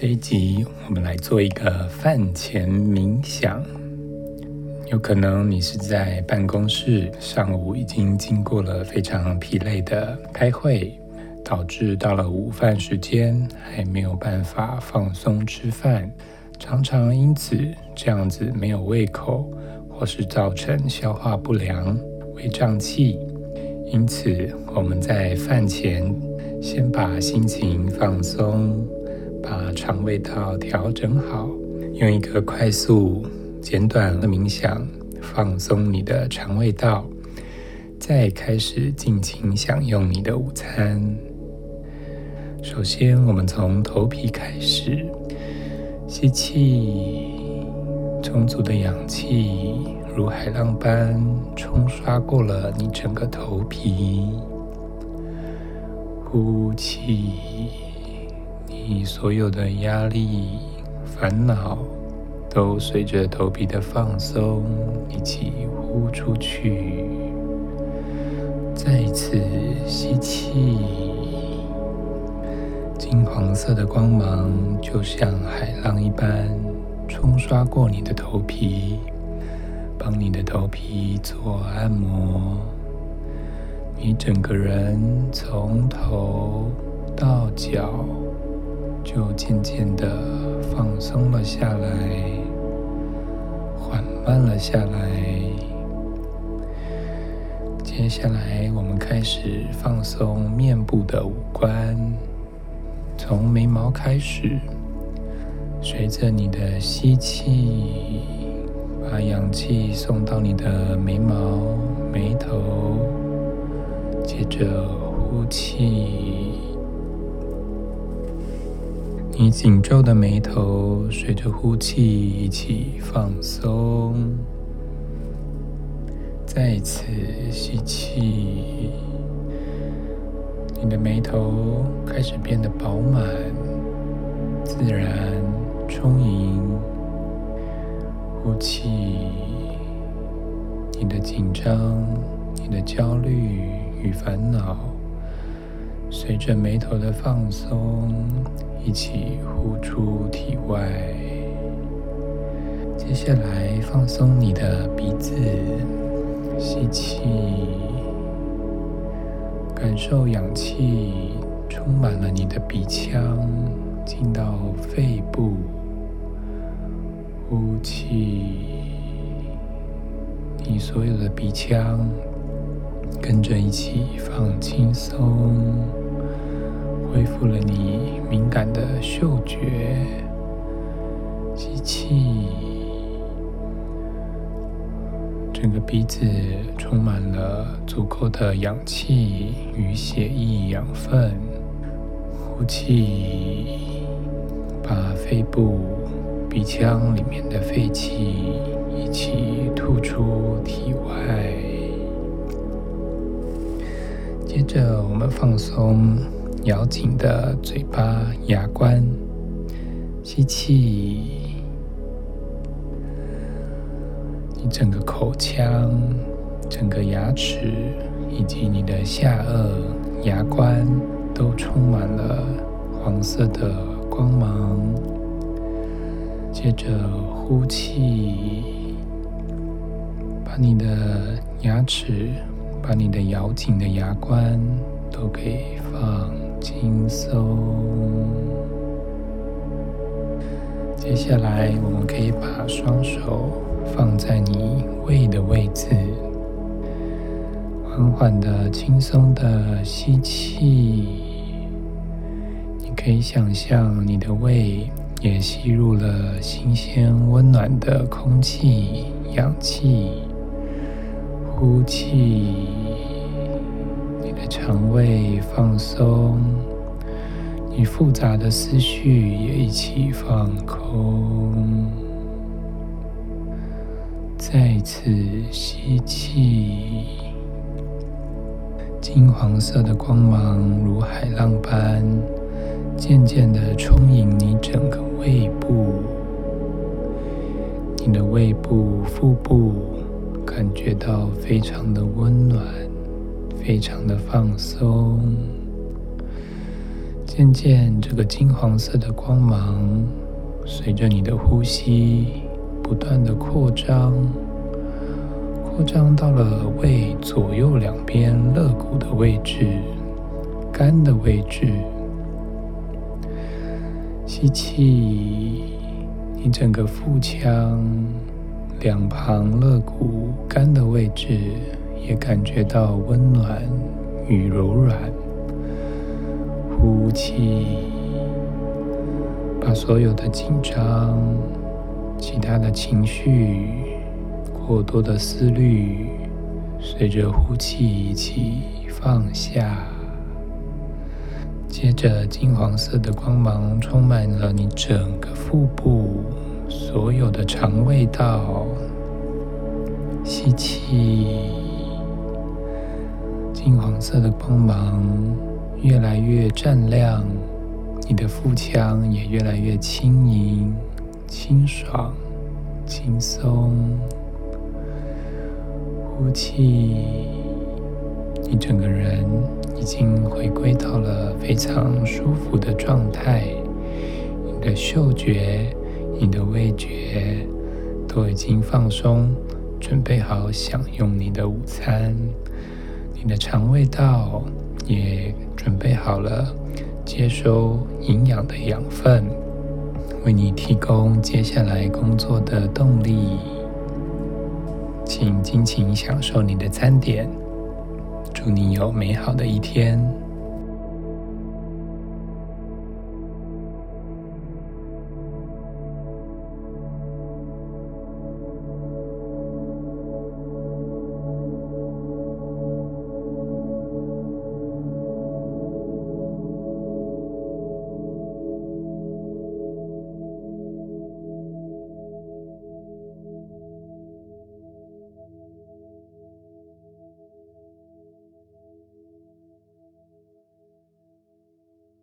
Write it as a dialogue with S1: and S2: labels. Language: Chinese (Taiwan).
S1: 這一集我們來做一個飯前冥想。有可能你是在辦公室，上午已經經過了非常疲累的開會，導致到了午飯時間還沒有辦法放鬆吃飯，常常因此這樣子沒有胃口，或是造成消化不良、胃脹氣。因此，我們在飯前先把心情放鬆。把腸胃道調整好，用一個快速簡短的冥想放鬆你的腸胃道，再開始盡情享用你的午餐。首先，我們從頭皮開始，吸氣，充足的氧氣如海浪般沖刷過了你整個頭皮，呼氣。你所有的壓力、煩惱，都隨着頭皮的放鬆一起呼出去。再一次吸氣，金黃色的光芒就像海浪一般沖刷過你的頭皮，幫你的頭皮做按摩。你整個人從頭到腳。就漸漸的放鬆了下來，緩慢了下來。接下來，我們開始放鬆面部的五官，從眉毛開始。隨着你的吸氣，把氧氣送到你的眉毛、眉頭，接着呼氣。你緊皺的眉頭隨着呼氣一起放鬆。再一次吸氣，你的眉頭開始變得飽滿、自然、充盈。呼氣，你的緊張、你的焦慮與煩惱，隨着眉頭的放鬆。一起呼出體外。接下來，放鬆你的鼻子，吸氣，感受氧氣充滿了你的鼻腔，進到肺部。呼氣，你所有的鼻腔跟着一起放輕鬆。恢復了你敏感的嗅覺，吸氣，整個鼻子充滿了足夠的氧氣與血液養分。呼氣，把肺部、鼻腔裡面的廢氣一起吐出體外。接着，我們放鬆。咬緊的嘴巴、牙關，吸氣，你整個口腔、整個牙齒以及你的下顎牙關都充滿了黃色的光芒。接着呼氣，把你的牙齒、把你的咬緊的牙關都給放。輕鬆。接下來，我們可以把雙手放在你胃的位置，緩緩的、輕鬆的吸氣。你可以想象你的胃也吸入了新鮮、溫暖的空氣、氧氣。呼氣。在腸胃放鬆，你複雜的思緒也一起放空。再次吸氣，金黃色的光芒如海浪般，漸漸的充盈你整個胃部，你的胃部、腹部感覺到非常的溫暖。非常的放鬆，漸漸這個金黃色的光芒隨着你的呼吸不斷的擴張，擴張到了胃左右兩邊肋骨的位置，肝的位置。吸氣，你整個腹腔兩旁肋骨，肝的位置。也感覺到溫暖與柔軟。呼氣，把所有的緊張、其他的情緒、過多的思慮，隨着呼氣一起放下。接着，金黃色的光芒充滿了你整個腹部，所有的腸胃道。吸氣。金黃色的光芒越來越湛亮，你的腹腔也越來越輕盈、清爽、輕鬆。呼氣，你整個人已經回歸到了非常舒服的狀態。你的嗅覺、你的味覺都已經放鬆，準備好享用你的午餐。你的腸胃道也準備好了，接收營養的養分，為你提供接下來工作的動力。請盡情享受你的餐點，祝你有美好的一天。